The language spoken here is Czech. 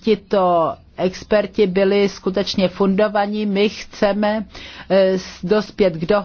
tito experti byli skutečně fundovaní. My chceme eh, dospět k dohodě.